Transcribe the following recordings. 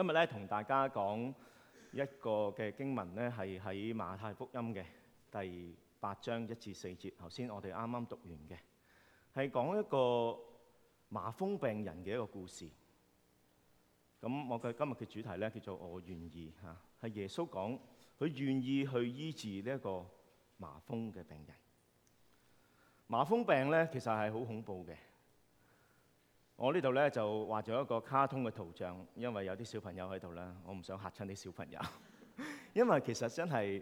今日咧同大家講一個嘅經文咧，係喺馬太福音嘅第八章一至四節，頭先我哋啱啱讀完嘅，係講一個麻風病人嘅一個故事。咁我嘅今日嘅主題咧叫做我願意吓，係耶穌講佢願意去醫治呢一個麻風嘅病人。麻風病咧其實係好恐怖嘅。我呢度咧就畫咗一個卡通嘅圖像，因為有啲小朋友喺度啦，我唔想嚇親啲小朋友。 因為其實真係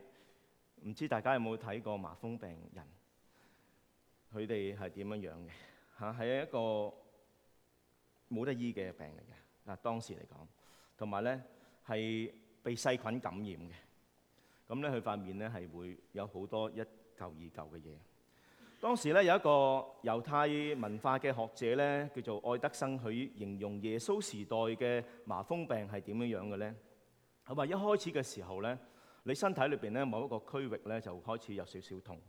唔知大家有冇睇過麻風病人，佢哋係點樣樣嘅？嚇，係一個冇得醫嘅病嚟嘅。嗱，當時嚟講，同埋咧係被細菌感染嘅。咁咧佢塊面咧係會有好多一嚿二嚿嘅嘢。當時咧有一個猶太文化嘅學者咧，叫做愛德生，佢形容耶穌時代嘅麻風病係點樣樣嘅咧？佢話一開始嘅時候咧，你身體裏邊咧某一個區域咧就開始有少少痛，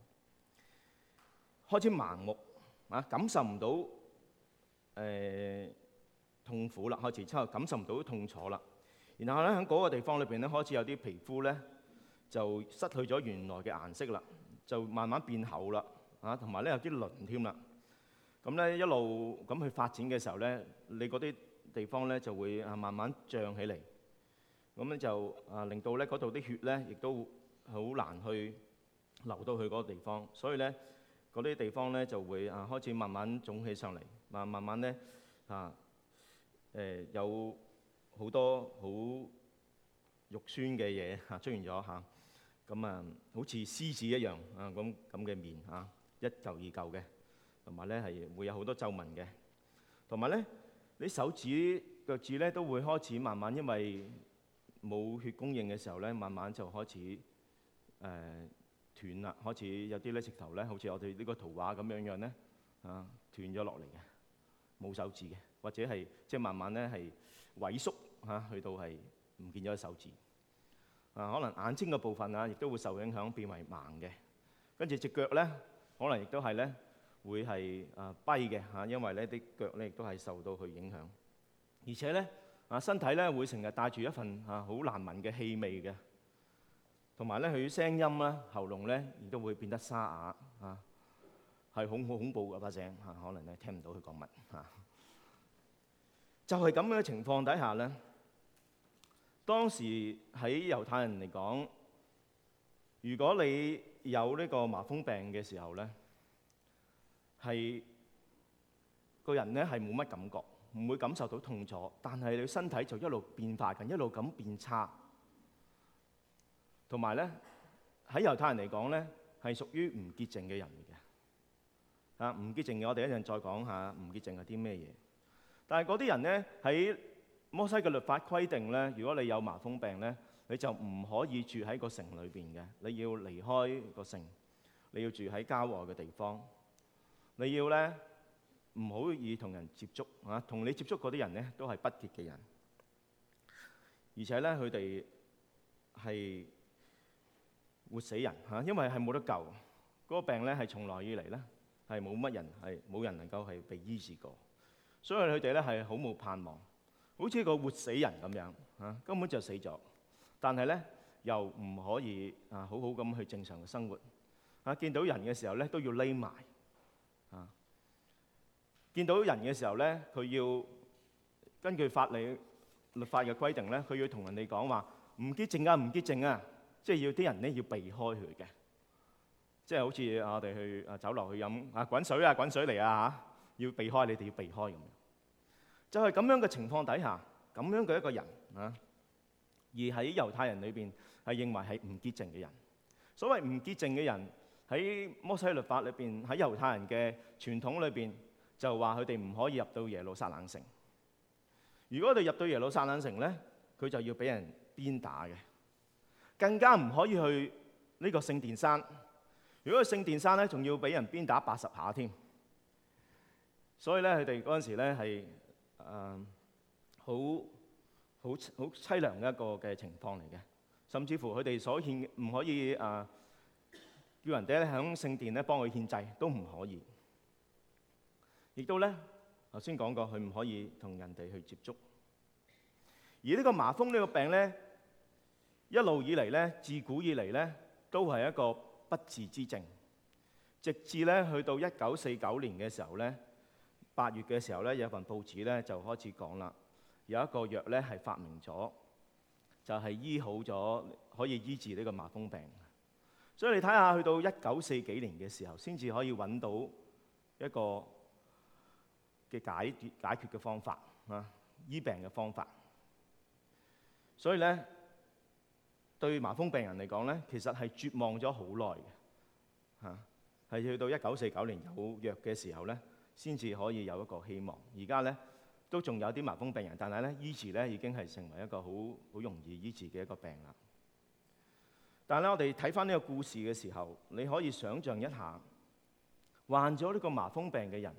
開始盲目，啊，感受唔到誒痛苦啦，開始之後感受唔到痛楚啦，然後咧喺嗰個地方裏邊咧開始有啲皮膚咧就失去咗原來嘅顏色啦，就慢慢變厚啦。啊，同埋咧有啲輪添啦，咁咧一路咁去發展嘅時候咧，你嗰啲地方咧就會啊慢慢漲起嚟，咁咧就啊令到咧嗰度啲血咧亦都好難去流到去嗰個地方，所以咧嗰啲地方咧就會啊開始慢慢腫起上嚟，啊慢慢咧啊誒有好多好肉酸嘅嘢啊出現咗嚇，咁啊好似獅子一樣啊咁咁嘅面嚇。一舊二舊嘅，同埋咧係會有好多皺紋嘅，同埋咧你手指腳趾咧都會開始慢慢因為冇血供應嘅時候咧，慢慢就開始誒、呃、斷啦。開始有啲咧直頭咧，好似我哋呢個圖畫咁樣樣咧啊斷咗落嚟嘅冇手指嘅，或者係即係慢慢咧係萎縮嚇、啊，去到係唔見咗手指啊。可能眼睛嘅部分啊，亦都會受影響，變為盲嘅。跟住隻腳咧。可能亦都係咧，會係啊跛嘅嚇，因為咧啲腳咧亦都係受到佢影響，而且咧啊身體咧會成日帶住一份啊好難聞嘅氣味嘅，同埋咧佢聲音啦喉嚨咧亦都會變得沙啞啊，係恐好恐怖嘅把聲嚇，可能咧聽唔到佢講乜嚇。就係咁樣嘅情況底下咧，當時喺猶太人嚟講，如果你有呢個麻風病嘅時候咧，係個人咧係冇乜感覺，唔會感受到痛楚，但係你身體就一路變化緊，一路咁變差。同埋咧，喺猶太人嚟講咧，係屬於唔潔淨嘅人嚟嘅。嚇、啊，唔潔淨嘅，我哋一陣再講下唔潔淨係啲咩嘢。但係嗰啲人咧，喺摩西嘅律法規定咧，如果你有麻風病咧，你就唔可以住喺個城裏邊嘅，你要離開個城，你要住喺郊外嘅地方。你要咧，唔可以同人接觸嚇，同你接觸嗰啲人咧都係不潔嘅人，而且咧，佢哋係活死人嚇，因為係冇得救，嗰個病咧係從來以嚟咧係冇乜人係冇人能夠係被醫治過，所以佢哋咧係好冇盼望，好似個活死人咁樣嚇，根本就死咗。但係咧，又唔可以啊！好好咁去正常嘅生活啊！見到人嘅時候咧，都要匿埋啊！見到人嘅時候咧，佢要根據法理律法嘅規定咧，佢要同人哋講話唔潔淨啊，唔潔淨啊！即係要啲人咧要避開佢嘅，即係好似我哋去啊酒樓去飲啊滾水啊滾水嚟啊嚇！要避開你哋要避開咁樣，就係咁樣嘅情況底下，咁樣嘅一個人啊。而喺猶太人裏邊係認為係唔潔淨嘅人。所謂唔潔淨嘅人，喺摩西律法裏邊，喺猶太人嘅傳統裏邊，就話佢哋唔可以入到耶路撒冷城。如果佢哋入到耶路撒冷城咧，佢就要俾人鞭打嘅。更加唔可以去呢個聖殿山。如果去聖殿山咧，仲要俾人鞭打八十下添。所以咧，佢哋嗰陣時咧係誒好。呃好好淒涼嘅一個嘅情況嚟嘅，甚至乎佢哋所獻唔可以啊、呃，叫人哋喺聖殿咧幫佢獻祭都唔可以，亦都咧頭先講過佢唔可以同人哋去接觸，而呢個麻風呢個病咧一路以嚟咧自古以嚟咧都係一個不治之症，直至咧去到一九四九年嘅時候咧八月嘅時候咧有份報紙咧就開始講啦。有一個藥咧係發明咗，就係醫好咗，可以醫治呢個麻風病。所以你睇下去到一九四幾年嘅時候，先至可以揾到一個嘅解決解決嘅方法啊，醫病嘅方法。所以咧，對麻風病人嚟講咧，其實係絕望咗好耐嘅嚇，係去到一九四九年有藥嘅時候咧，先至可以有一個希望。而家咧。都仲有啲麻風病人，但係咧醫治咧，已經係成為一個好好容易醫治嘅一個病啦。但係咧，我哋睇翻呢個故事嘅時候，你可以想象一下，患咗呢個麻風病嘅人，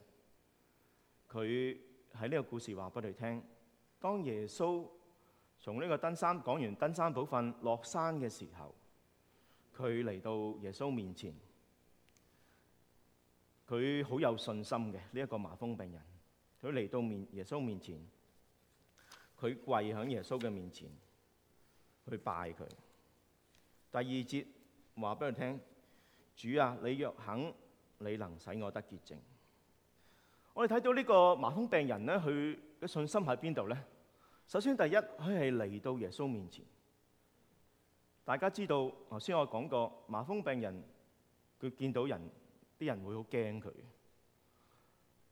佢喺呢個故事話俾你聽，當耶穌從呢個登山講完登山寶訓落山嘅時候，佢嚟到耶穌面前，佢好有信心嘅呢一個麻風病人。佢嚟到面耶穌面前，佢跪喺耶穌嘅面前去拜佢。第二節話俾佢聽：主啊，你若肯，你能使我得潔淨。我哋睇到呢個麻風病人咧，佢嘅信心喺邊度咧？首先第一，佢係嚟到耶穌面前。大家知道頭先我講過，麻風病人佢見到人啲人會好驚佢。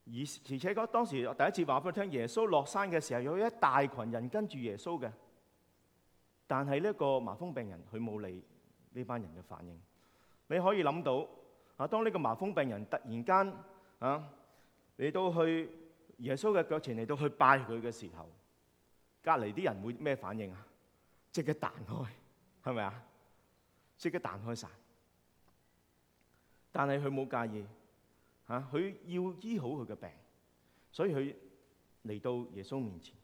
而而且嗰當時第一次話俾佢聽，耶穌落山嘅時候有一大羣人跟住耶穌嘅，但係呢個麻風病人佢冇理呢班人嘅反應。你可以諗到啊，當呢個麻風病人突然間啊嚟到去耶穌嘅腳前嚟到去拜佢嘅時候，隔離啲人會咩反應啊？即刻彈開，係咪啊？即刻彈開晒，但係佢冇介意。嚇！佢要醫好佢嘅病，所以佢嚟到耶穌面前。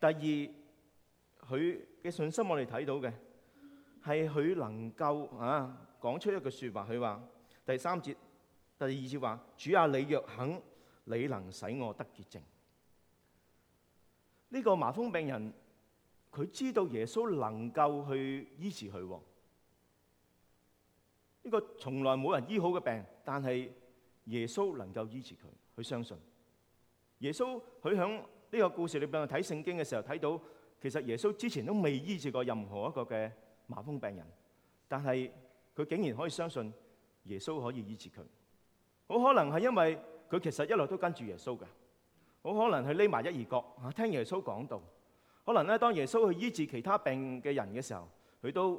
第二，佢嘅信心我哋睇到嘅係佢能夠啊講出一句説話，佢話第三節第二節話：主啊，你若肯，你能使我得潔淨。這」呢個麻風病人，佢知道耶穌能夠去醫治佢。呢、這個從來冇人醫好嘅病，但係。耶穌能夠醫治佢，佢相信耶穌。佢喺呢個故事裏邊睇聖經嘅時候，睇到其實耶穌之前都未醫治過任何一個嘅麻風病人，但係佢竟然可以相信耶穌可以醫治佢。好可能係因為佢其實一路都跟住耶穌嘅，好可能係匿埋一二角，聽耶穌講道。可能咧，當耶穌去醫治其他病嘅人嘅時候，佢都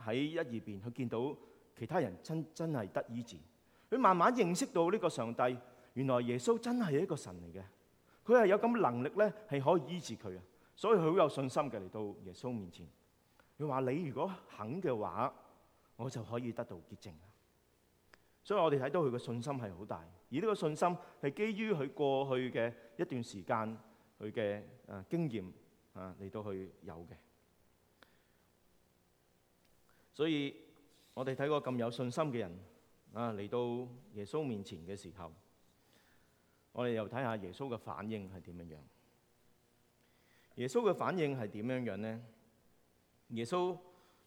喺一二邊，去見到其他人真真係得醫治。佢慢慢認識到呢個上帝，原來耶穌真係一個神嚟嘅，佢係有咁能力咧，係可以醫治佢啊！所以佢好有信心嘅嚟到耶穌面前，佢話：你如果肯嘅話，我就可以得到潔淨啦！所以我哋睇到佢嘅信心係好大，而呢個信心係基於佢過去嘅一段時間佢嘅啊經驗啊嚟到去有嘅。所以我哋睇過咁有，有信心嘅人。啊！嚟到耶穌面前嘅時候，我哋又睇下耶穌嘅反應係點樣樣。耶穌嘅反應係點樣樣咧？耶穌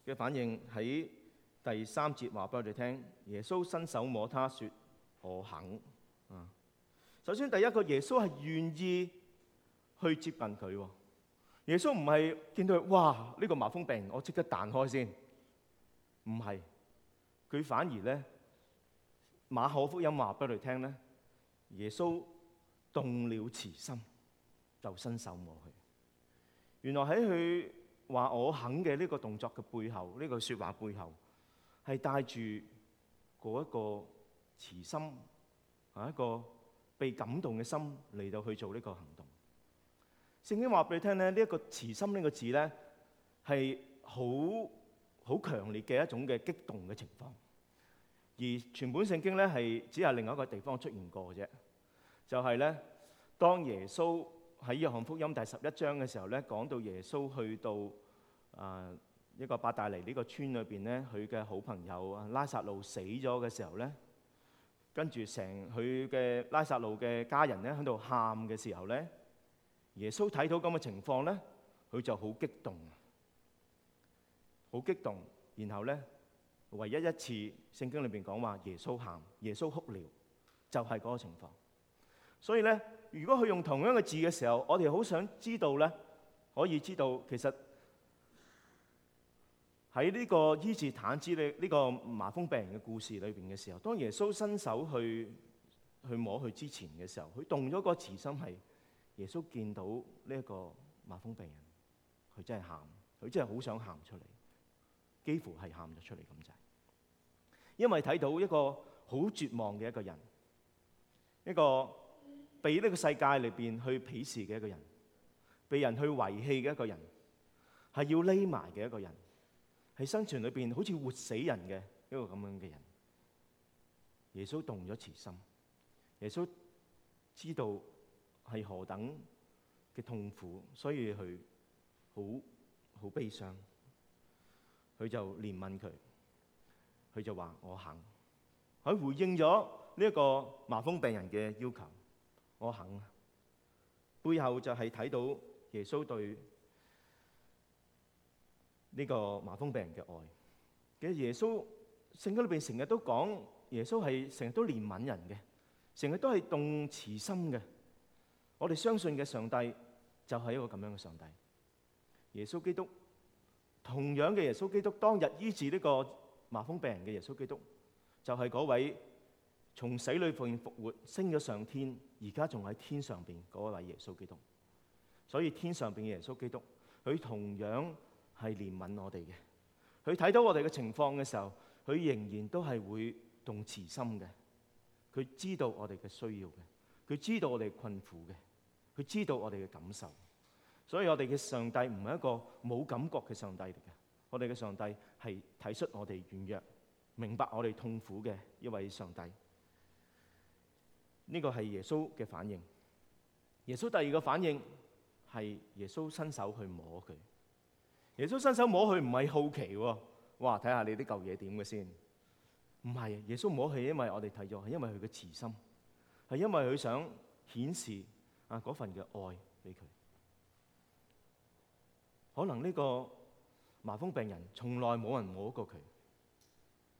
嘅反應喺第三節話俾我哋聽。耶穌伸手摸他，說：我肯啊、嗯。首先第一個，耶穌係願意去接近佢。耶穌唔係見到佢：「哇呢個麻風病，我即刻彈開先。唔係佢反而咧。馬可福音話俾你聽咧，耶穌動了慈心，就伸手摸佢。原來喺佢話我肯嘅呢個動作嘅背後，呢句說話背後，係帶住嗰一個慈心，啊一個被感動嘅心嚟到去做呢個行動。聖經話俾你聽咧，呢一個慈心呢個字咧，係好好強烈嘅一種嘅激動嘅情況。而全本聖經咧係只係另外一個地方出現過啫，就係咧當耶穌喺《約翰福音》第十一章嘅時候咧，講到耶穌去到啊、呃、一個伯大尼呢個村裏邊咧，佢嘅好朋友拉撒路死咗嘅時候咧，跟住成佢嘅拉撒路嘅家人咧喺度喊嘅時候咧，耶穌睇到咁嘅情況咧，佢就好激動，好激動，然後咧。唯一一次聖經裏邊講話耶穌喊、耶穌哭了，就係、是、個情況。所以咧，如果佢用同樣嘅字嘅時候，我哋好想知道咧，可以知道其實。喺呢個伊治坦之呢呢、這個麻風病人嘅故事裏邊嘅時候，當耶穌伸手去去摸佢之前嘅時候，佢動咗個慈心，係耶穌見到呢一個麻風病人，佢真係喊，佢真係好想喊出嚟，幾乎係喊咗出嚟咁滯。因為睇到一個好絕望嘅一個人，一個被呢個世界裏邊去鄙視嘅一個人，被人去遺棄嘅一個人，係要匿埋嘅一個人，喺生存裏邊好似活死人嘅一個咁樣嘅人。耶穌動咗慈心，耶穌知道係何等嘅痛苦，所以佢好好悲傷，佢就憐憫佢。佢就話：我肯，佢回應咗呢一個麻風病人嘅要求。我肯，背後就係睇到耶穌對呢個麻風病人嘅愛。其實耶穌聖經裏邊成日都講耶穌係成日都憐憫人嘅，成日都係動慈心嘅。我哋相信嘅上帝就係一個咁樣嘅上帝。耶穌基督同樣嘅耶穌基督，基督當日醫治呢個麻風病人嘅耶穌基督，就係嗰位從死裏復活、升咗上天，而家仲喺天上邊嗰位耶穌基督。所以天上邊嘅耶穌基督，佢同樣係憐憫我哋嘅。佢睇到我哋嘅情況嘅時候，佢仍然都係會動慈心嘅。佢知道我哋嘅需要嘅，佢知道我哋困苦嘅，佢知道我哋嘅感受。所以我哋嘅上帝唔係一個冇感覺嘅上帝嚟嘅。我哋嘅上帝係睇出我哋軟弱、明白我哋痛苦嘅一位上帝。呢個係耶穌嘅反應。耶穌第二個反應係耶穌伸手去摸佢。耶穌伸手摸佢唔係好奇喎，哇，睇下你啲舊嘢點嘅先。唔係，耶穌摸佢，因為我哋睇咗，係因為佢嘅慈心，係因為佢想顯示啊嗰份嘅愛俾佢。可能呢個。麻風病人從來冇人摸過佢，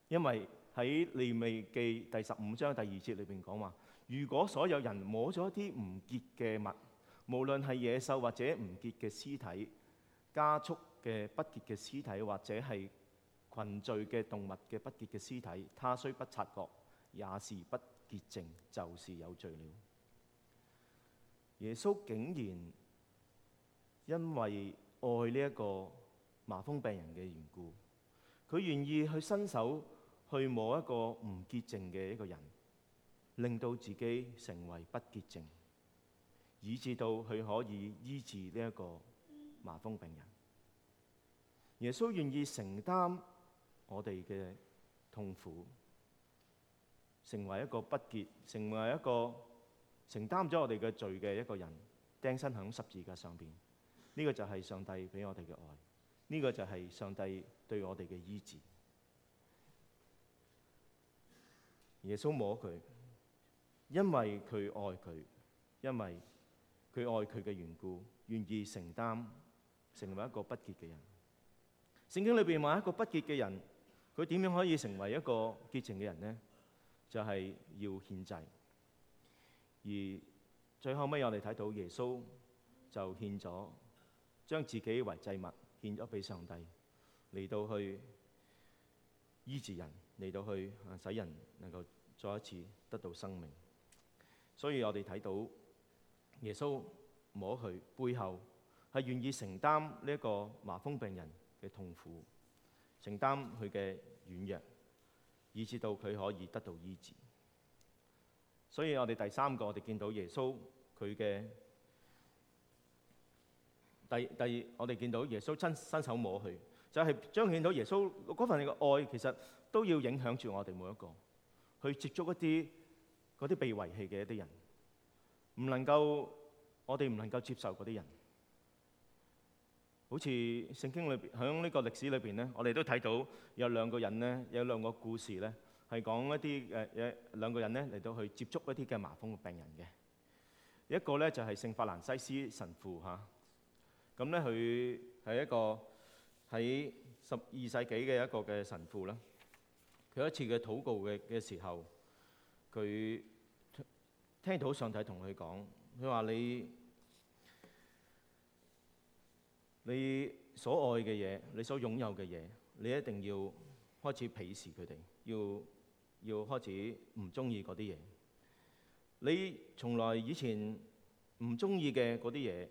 因為喺利未記第十五章第二節裏邊講話：如果所有人摸咗一啲唔潔嘅物，無論係野獸或者唔潔嘅屍體、加速嘅不潔嘅屍體，或者係群聚嘅動物嘅不潔嘅屍體，他雖不察覺，也是不潔淨，就是有罪了。耶穌竟然因為愛呢、這、一個。麻風病人嘅緣故，佢願意去伸手去摸一個唔潔淨嘅一個人，令到自己成為不潔淨，以致到佢可以醫治呢一個麻風病人。耶穌願意承擔我哋嘅痛苦，成為一個不潔，成為一個承擔咗我哋嘅罪嘅一個人，釘身喺十字架上邊。呢、這個就係上帝俾我哋嘅愛。呢個就係上帝對我哋嘅醫治。耶穌摸佢，因為佢愛佢，因為佢愛佢嘅緣故，願意承擔成為一個不潔嘅人。聖經裏邊話一個不潔嘅人，佢點樣可以成為一個潔淨嘅人呢？就係要獻祭。而最後尾我哋睇到耶穌就獻咗，將自己為祭物。獻咗俾上帝，嚟到去醫治人，嚟到去使人能夠再一次得到生命。所以我哋睇到耶穌摸佢背後，係願意承擔呢一個麻風病人嘅痛苦，承擔佢嘅軟弱，以至到佢可以得到醫治。所以我哋第三個，我哋見到耶穌佢嘅。第第二，我哋見到耶穌親伸手摸佢，就係彰顯到耶穌嗰份嘅愛，其實都要影響住我哋每一個去接觸一啲嗰啲被遺棄嘅一啲人，唔能夠我哋唔能夠接受嗰啲人。好似聖經裏邊響呢個歷史裏邊咧，我哋都睇到有兩個人咧，有兩個故事咧，係講一啲誒、呃、有兩個人咧嚟到去接觸一啲嘅麻風嘅病人嘅。一個咧就係聖法蘭西斯神父嚇。咁咧，佢係一個喺十二世紀嘅一個嘅神父啦。佢一次嘅禱告嘅嘅時候，佢聽到上帝同佢講，佢話你你所愛嘅嘢，你所擁有嘅嘢，你一定要開始鄙視佢哋，要要開始唔中意嗰啲嘢。你從來以前唔中意嘅嗰啲嘢。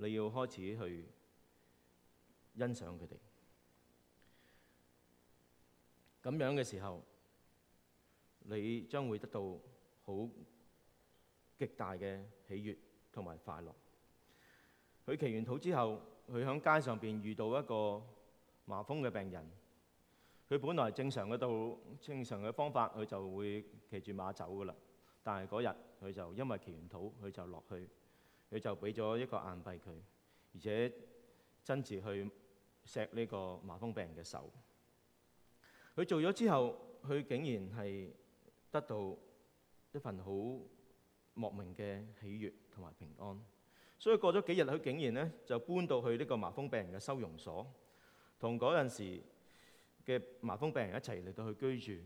你要開始去欣賞佢哋，咁樣嘅時候，你將會得到好極大嘅喜悅同埋快樂。佢祈完禱之後，佢響街上邊遇到一個麻風嘅病人，佢本來正常嘅道、正常嘅方法，佢就會騎住馬走㗎喇。但係嗰日佢就因為祈完禱，佢就落去。佢就俾咗一個硬幣佢，而且真摯去錫呢個麻風病人嘅手。佢做咗之後，佢竟然係得到一份好莫名嘅喜悅同埋平安。所以過咗幾日，佢竟然咧就搬到去呢個麻風病人嘅收容所，同嗰陣時嘅麻風病人一齊嚟到去居住，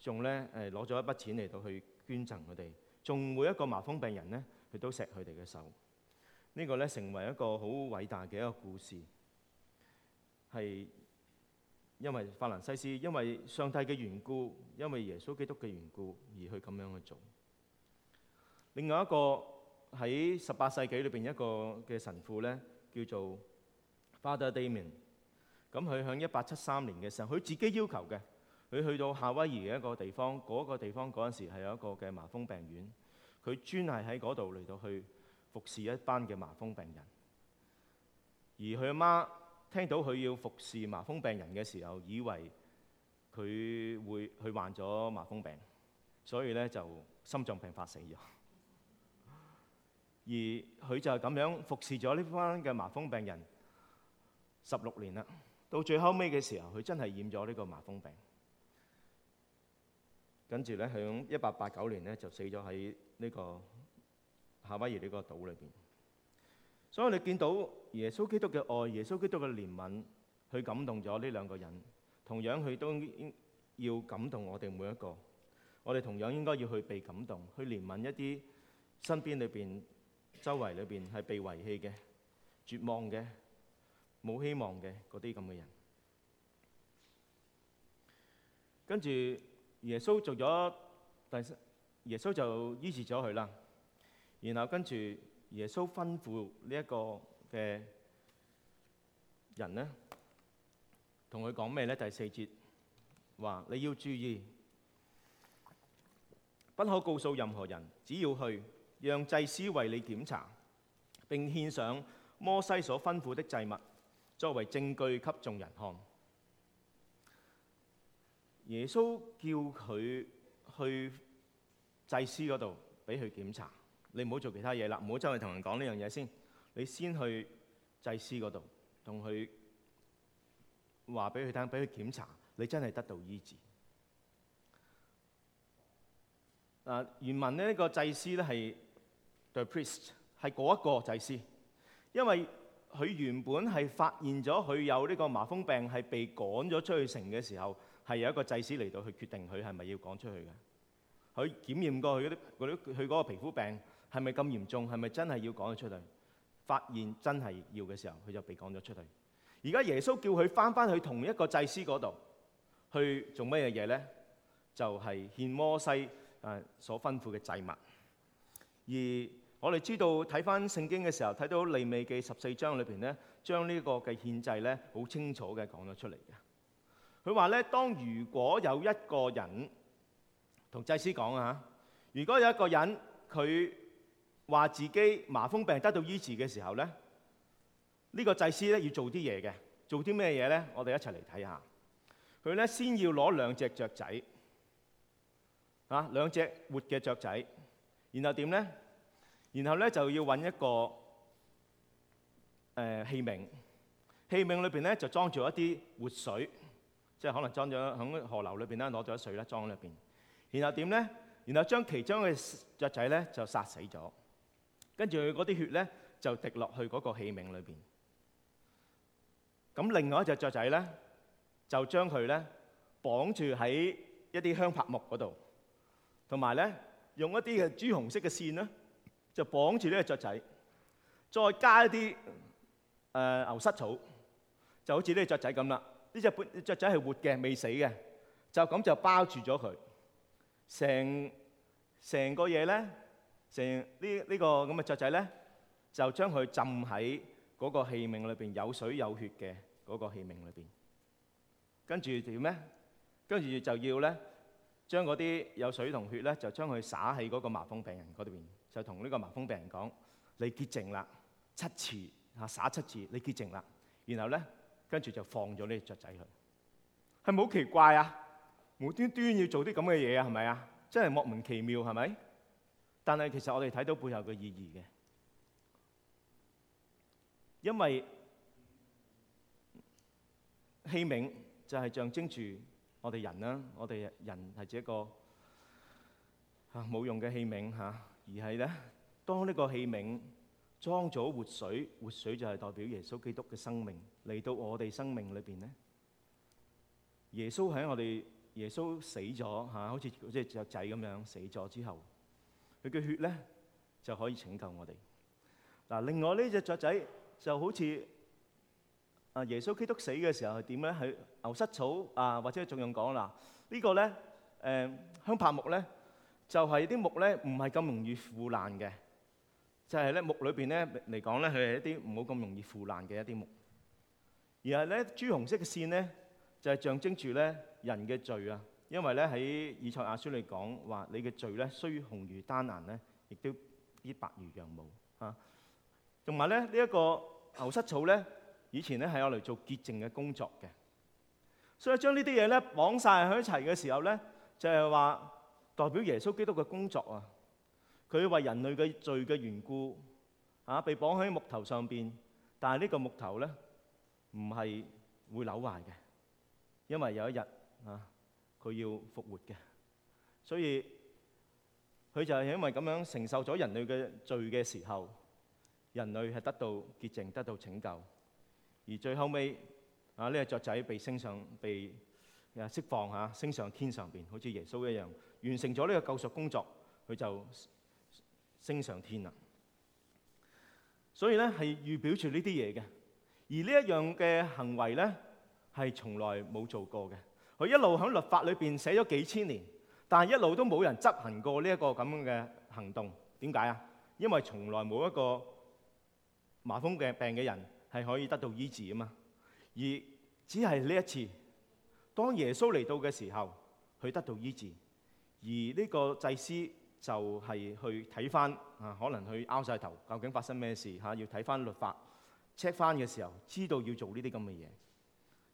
仲咧誒攞咗一筆錢嚟到去捐贈佢哋，仲每一個麻風病人咧，亦都錫佢哋嘅手，這個、呢個咧成為一個好偉大嘅一個故事，係因為法蘭西斯因為上帝嘅緣故，因為耶穌基督嘅緣故而去咁樣去做。另外一個喺十八世紀裏邊一個嘅神父咧，叫做 Father Damien。咁佢喺一八七三年嘅時候，佢自己要求嘅，佢去到夏威夷嘅一個地方，嗰、那個地方嗰陣時係有一個嘅麻風病院。佢專係喺嗰度嚟到去服侍一班嘅麻風病人，而佢阿媽聽到佢要服侍麻風病人嘅時候，以為佢會去患咗麻風病，所以咧就心臟病發死咗。而佢就係咁樣服侍咗呢班嘅麻風病人十六年啦。到最後尾嘅時候，佢真係染咗呢個麻風病。跟住咧，響一八八九年咧就死咗喺呢個夏威夷呢個島裏邊。所以我哋見到耶穌基督嘅愛，耶穌基督嘅憐憫，去感動咗呢兩個人。同樣佢都要感動我哋每一個。我哋同樣應該要去被感動，去憐憫一啲身邊裏邊、周圍裏邊係被遺棄嘅、絕望嘅、冇希望嘅嗰啲咁嘅人。跟住。耶穌做咗第，耶穌就醫治咗佢啦。然後跟住耶穌吩咐呢一個嘅人呢，同佢講咩呢？第四節話你要注意，不可告訴任何人，只要去讓祭司為你檢查，並獻上摩西所吩咐的祭物，作為證據給眾人看。耶穌叫佢去祭司嗰度俾佢檢查。你唔好做其他嘢啦，唔好走去同人講呢樣嘢先。你先去祭司嗰度同佢話俾佢聽，俾佢檢查。你真係得到醫治。啊，原文咧呢個祭司咧係 the priest，係嗰一個祭司，因為佢原本係發現咗佢有呢個麻風病，係被趕咗出去城嘅時候。係有一個祭司嚟到去決定佢係咪要講出去嘅，佢檢驗過佢嗰啲啲佢嗰個皮膚病係咪咁嚴重，係咪真係要講咗出去？發現真係要嘅時候，佢就被講咗出去。而家耶穌叫佢翻返去同一個祭司嗰度去做乜嘢嘢咧？就係、是、獻摩西啊、呃、所吩咐嘅祭物。而我哋知道睇翻聖經嘅時候，睇到利未記十四章裏邊咧，將呢個嘅獻祭咧好清楚嘅講咗出嚟嘅。佢話咧：當如果有一個人同祭司講啊，如果有一個人佢話自己麻風病得到醫治嘅時候咧，呢個祭司咧要做啲嘢嘅，做啲咩嘢咧？我哋一齊嚟睇下。佢咧先要攞兩隻雀仔啊，兩隻活嘅雀仔，然後點咧？然後咧就要搵一個誒、呃、器皿，器皿裏邊咧就裝住一啲活水。即係可能裝咗喺河流裏邊啦，攞咗水咧裝喺裏邊。然後點咧？然後將其中嘅雀仔咧就殺死咗，跟住佢嗰啲血咧就滴落去嗰個器皿裏邊。咁另外一隻雀仔咧就將佢咧綁住喺一啲香柏木嗰度，同埋咧用一啲嘅朱紅色嘅線咧就綁住呢隻雀仔，再加一啲誒牛膝草，就好似呢隻雀仔咁啦。呢隻雀仔係活嘅，未死嘅，就咁就包住咗佢。成成個嘢咧，成呢呢個咁嘅雀仔咧，就將佢浸喺嗰個器皿裏邊，有水有血嘅嗰個器皿裏邊。跟住點咩？跟住就要咧，將嗰啲有水同血咧，就將佢灑喺嗰個麻風病人嗰度邊，就同呢個麻風病人講：你潔淨啦，七次嚇灑七次，你潔淨啦。然後咧。跟住就放咗呢隻雀仔去，係咪好奇怪啊？無端端要做啲咁嘅嘢啊？係咪啊？真係莫名其妙，係咪？但係其實我哋睇到背後嘅意義嘅，因為器皿就係象徵住我哋人啦，我哋人係一個啊冇用嘅器皿吓，而係咧當呢個器皿。裝咗活水，活水就係代表耶穌基督嘅生命，嚟到我哋生命裡面呢。就係咧木裏邊咧嚟講咧，佢係一啲唔好咁容易腐爛嘅一啲木。而係咧朱紅色嘅線咧，就係象徵住咧人嘅罪啊。因為咧喺以賽亞書嚟講話，你嘅罪咧雖紅如丹顏咧，亦都必白如羊毛啊。同埋咧呢一個牛膝草咧，以前咧係用嚟做潔淨嘅工作嘅。所以將呢啲嘢咧綁曬喺一齊嘅時候咧，就係話代表耶穌基督嘅工作啊。佢為人類嘅罪嘅緣故，啊，被綁喺木頭上邊。但係呢個木頭咧，唔係會扭壞嘅，因為有一日啊，佢要復活嘅。所以佢就係因為咁樣承受咗人類嘅罪嘅時候，人類係得到潔淨、得到拯救。而最後尾啊，呢個雀仔被升上、被釋放啊，升上天上邊，好似耶穌一樣，完成咗呢個救贖工作，佢就。升上天啊！所以咧係預表住呢啲嘢嘅，而呢一樣嘅行為咧係從來冇做過嘅。佢一路喺律法裏邊寫咗幾千年，但係一路都冇人執行過呢一個咁樣嘅行動。點解啊？因為從來冇一個麻風嘅病嘅人係可以得到醫治啊嘛。而只係呢一次，當耶穌嚟到嘅時候，佢得到醫治。而呢個祭司。就係去睇翻啊，可能去拗晒頭，究竟發生咩事嚇、啊？要睇翻律法 check 翻嘅時候，知道要做呢啲咁嘅嘢，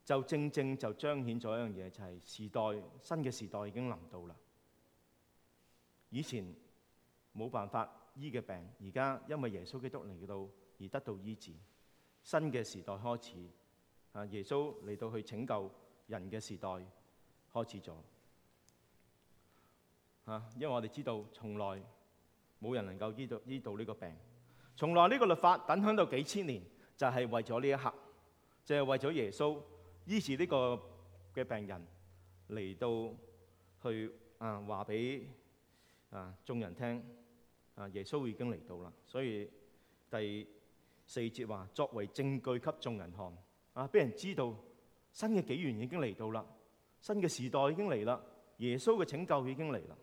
就正正就彰顯咗一樣嘢，就係、是、時代新嘅時代已經臨到啦。以前冇辦法醫嘅病，而家因為耶穌基督嚟到而得到醫治。新嘅時代開始啊，耶穌嚟到去拯救人嘅時代開始咗。嚇！因為我哋知道，從來冇人能夠醫到醫到呢個病，從來呢個律法等響到幾千年，就係為咗呢一刻，就係為咗耶穌。於是呢個嘅病人嚟到去啊，話俾啊眾人聽啊，耶穌已經嚟到啦。所以第四節話，作為證據給眾人看啊，俾人知道新嘅紀元已經嚟到啦，新嘅時代已經嚟啦，耶穌嘅拯救已經嚟啦。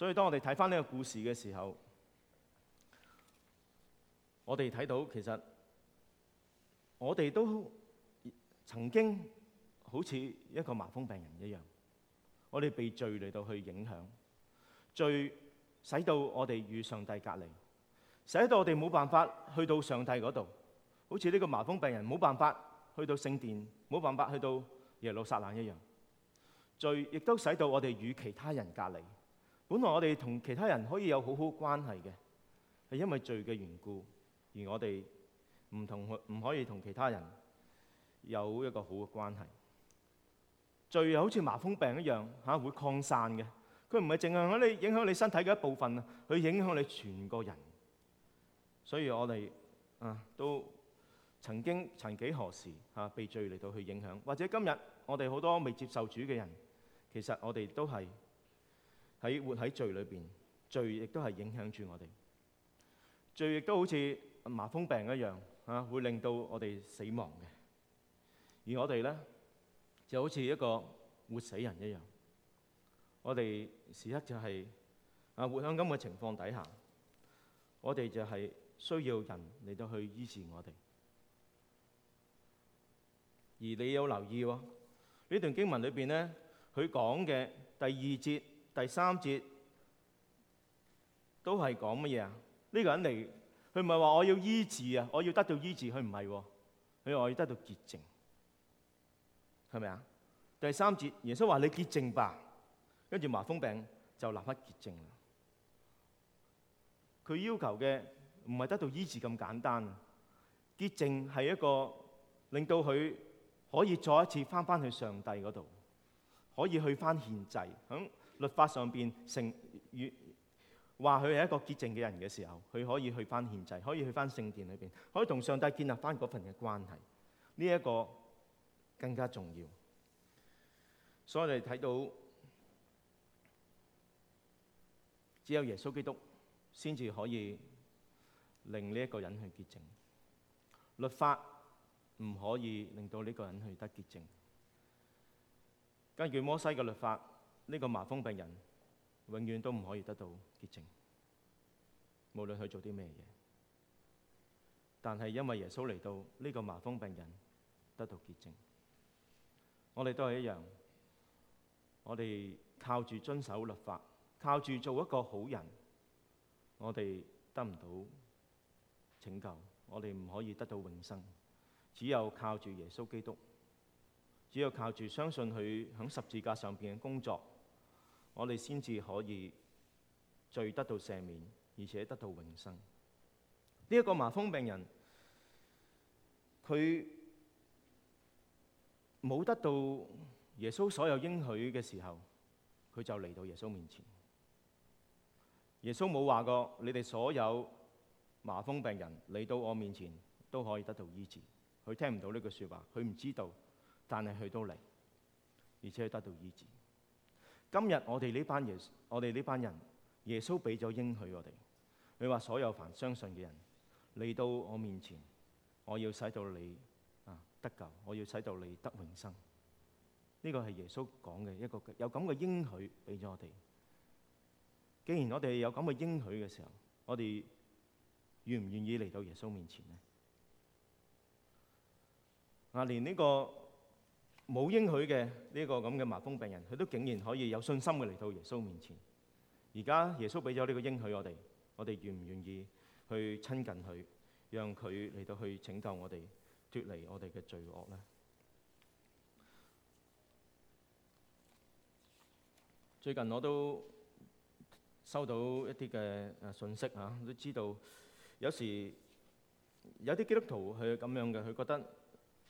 所以，當我哋睇返呢個故事嘅時候，我哋睇到其實我哋都曾經好似一個麻風病人一樣，我哋被罪嚟到去影響，罪使到我哋與上帝隔離，使到我哋冇辦法去到上帝嗰度，好似呢個麻風病人冇辦法去到聖殿，冇辦法去到耶路撒冷一樣。罪亦都使到我哋與其他人隔離。本來我哋同其他人可以有好好關係嘅，係因為罪嘅緣故，而我哋唔同唔可以同其他人有一個好嘅關係。罪又好似麻風病一樣，嚇會擴散嘅。佢唔係淨係喺你影響你身體嘅一部分啊，佢影響你全個人。所以我哋啊，都曾經曾幾何時嚇被罪嚟到去影響，或者今日我哋好多未接受主嘅人，其實我哋都係。喺活喺罪裏面。第三節都係講乜嘢啊？呢、這個人嚟，佢唔係話我要醫治啊，我要得到醫治，佢唔係，佢話我要得到潔淨，係咪啊？第三節，耶穌話你潔淨吧，跟住麻風病就立刻潔淨。佢要求嘅唔係得到醫治咁簡單，潔淨係一個令到佢可以再一次翻返去上帝嗰度，可以去翻獻祭，嗯。律法上邊成語話佢係一個潔淨嘅人嘅時候，佢可以去翻獻祭，可以去翻聖殿裏邊，可以同上帝建立翻嗰份嘅關係。呢、這、一個更加重要。所以我哋睇到只有耶穌基督先至可以令呢一個人去潔淨。律法唔可以令到呢個人去得潔淨。根據摩西嘅律法。呢個麻風病人永遠都唔可以得到潔淨，無論佢做啲咩嘢。但係因為耶穌嚟到，呢、這個麻風病人得到潔淨。我哋都係一樣，我哋靠住遵守律法，靠住做一個好人，我哋得唔到拯救，我哋唔可以得到永生。只有靠住耶穌基督，只有靠住相信佢喺十字架上邊嘅工作。我哋先至可以罪得到赦免，而且得到永生。呢、這、一個麻風病人，佢冇得到耶穌所有應許嘅時候，佢就嚟到耶穌面前。耶穌冇話過：你哋所有麻風病人嚟到我面前都可以得到醫治。佢聽唔到呢句說話，佢唔知道，但係佢都嚟，而且得到醫治。今日我哋呢班耶，我哋呢班人，耶穌俾咗應許我哋。你話所有凡相信嘅人嚟到我面前，我要使到你啊得救，我要使到你得永生。呢個係耶穌講嘅一個有咁嘅應許俾咗我哋。既然我哋有咁嘅應許嘅時候，我哋願唔願意嚟到耶穌面前呢？啊，連呢個～冇應許嘅呢個咁嘅麻風病人，佢都竟然可以有信心嘅嚟到耶穌面前。而家耶穌俾咗呢個應許我哋，我哋願唔願意去親近佢，讓佢嚟到去拯救我哋，脫離我哋嘅罪惡呢？最近我都收到一啲嘅誒信息啊，都知道有時有啲基督徒係咁樣嘅，佢覺得。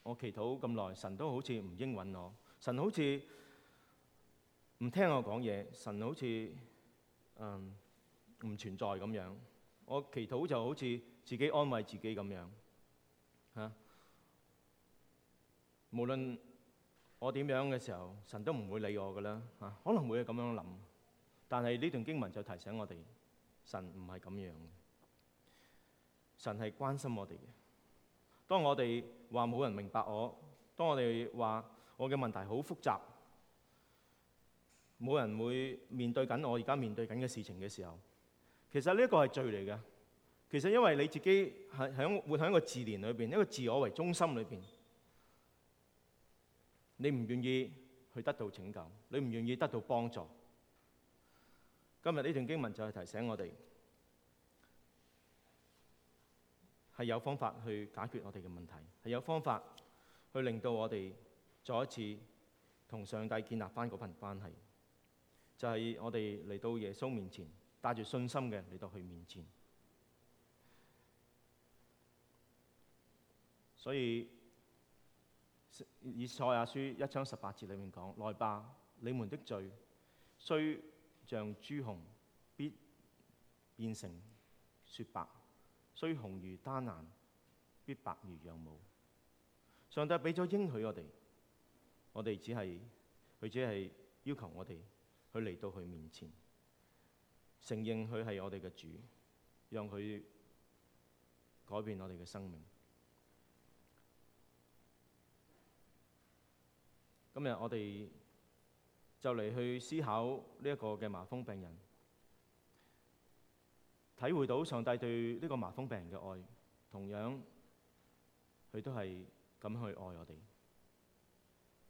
我祈禱咁耐，神都好似唔應允我，神好似唔聽我講嘢，神好似嗯唔存在咁樣。我祈禱就好似自己安慰自己咁樣嚇、啊。無論我點樣嘅時候，神都唔會理我噶啦嚇，可能會咁樣諗，但係呢段經文就提醒我哋，神唔係咁樣嘅，神係關心我哋嘅。當我哋話冇人明白我，當我哋話我嘅問題好複雜，冇人會面對緊我而家面對緊嘅事情嘅時候，其實呢個係罪嚟嘅。其實因為你自己係響活喺一個自憐裏邊，一個自我為中心裏邊，你唔願意去得到拯救，你唔願意得到幫助。今日呢段經文就係提醒我哋。係有方法去解決我哋嘅問題，係有方法去令到我哋再一次同上帝建立翻嗰份關係。就係、是、我哋嚟到耶穌面前，帶住信心嘅嚟到佢面前。所以以賽亞書一章十八節裡面講：來吧，你們的罪雖像朱紅，必變成雪白。雖紅如丹顏，必白如羊毛。上帝俾咗應許我哋，我哋只係佢只係要求我哋去嚟到佢面前，承認佢係我哋嘅主，讓佢改變我哋嘅生命。今日我哋就嚟去思考呢一個嘅麻風病人。體會到上帝對呢個麻風病人嘅愛，同樣佢都係咁去愛我哋。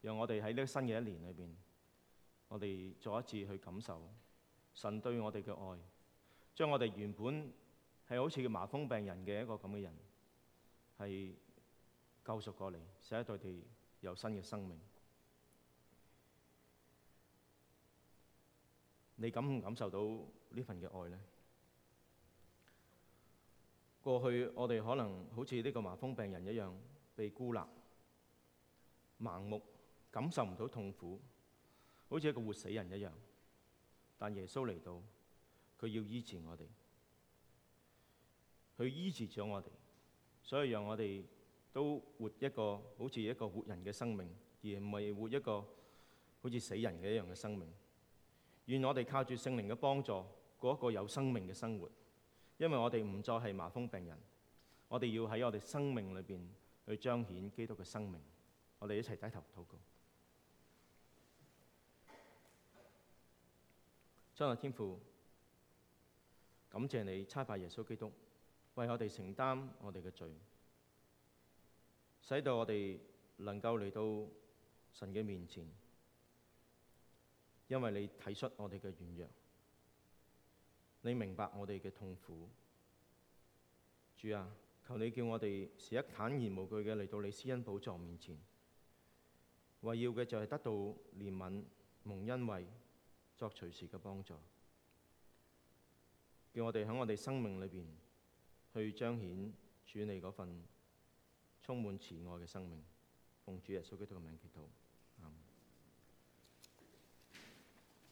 讓我哋喺呢新嘅一年裏邊，我哋再一次去感受神對我哋嘅愛，將我哋原本係好似麻風病人嘅一個咁嘅人，係救贖過嚟，使到我哋有新嘅生命。你感唔感受到呢份嘅愛咧？過去我哋可能好似呢個麻風病人一樣被孤立、盲目，感受唔到痛苦，好似一個活死人一樣。但耶穌嚟到，佢要醫治我哋，佢醫治咗我哋，所以讓我哋都活一個好似一個活人嘅生命，而唔係活一個好似死人嘅一樣嘅生命。願我哋靠住聖靈嘅幫助，過一個有生命嘅生活。因為我哋唔再係麻風病人，我哋要喺我哋生命裏面去彰顯基督嘅生命。我哋一齊低頭禱告。親愛天父，感謝你差派耶穌基督為我哋承擔我哋嘅罪，使到我哋能夠嚟到神嘅面前，因為你體恤我哋嘅軟弱。你明白我哋嘅痛苦，主啊，求你叫我哋時刻坦然無懼嘅嚟到你施恩寶座面前，為要嘅就係得到憐憫、蒙恩惠、作隨時嘅幫助，叫我哋響我哋生命裏邊去彰顯主你嗰份充滿慈愛嘅生命，奉主耶穌基督嘅名祈禱。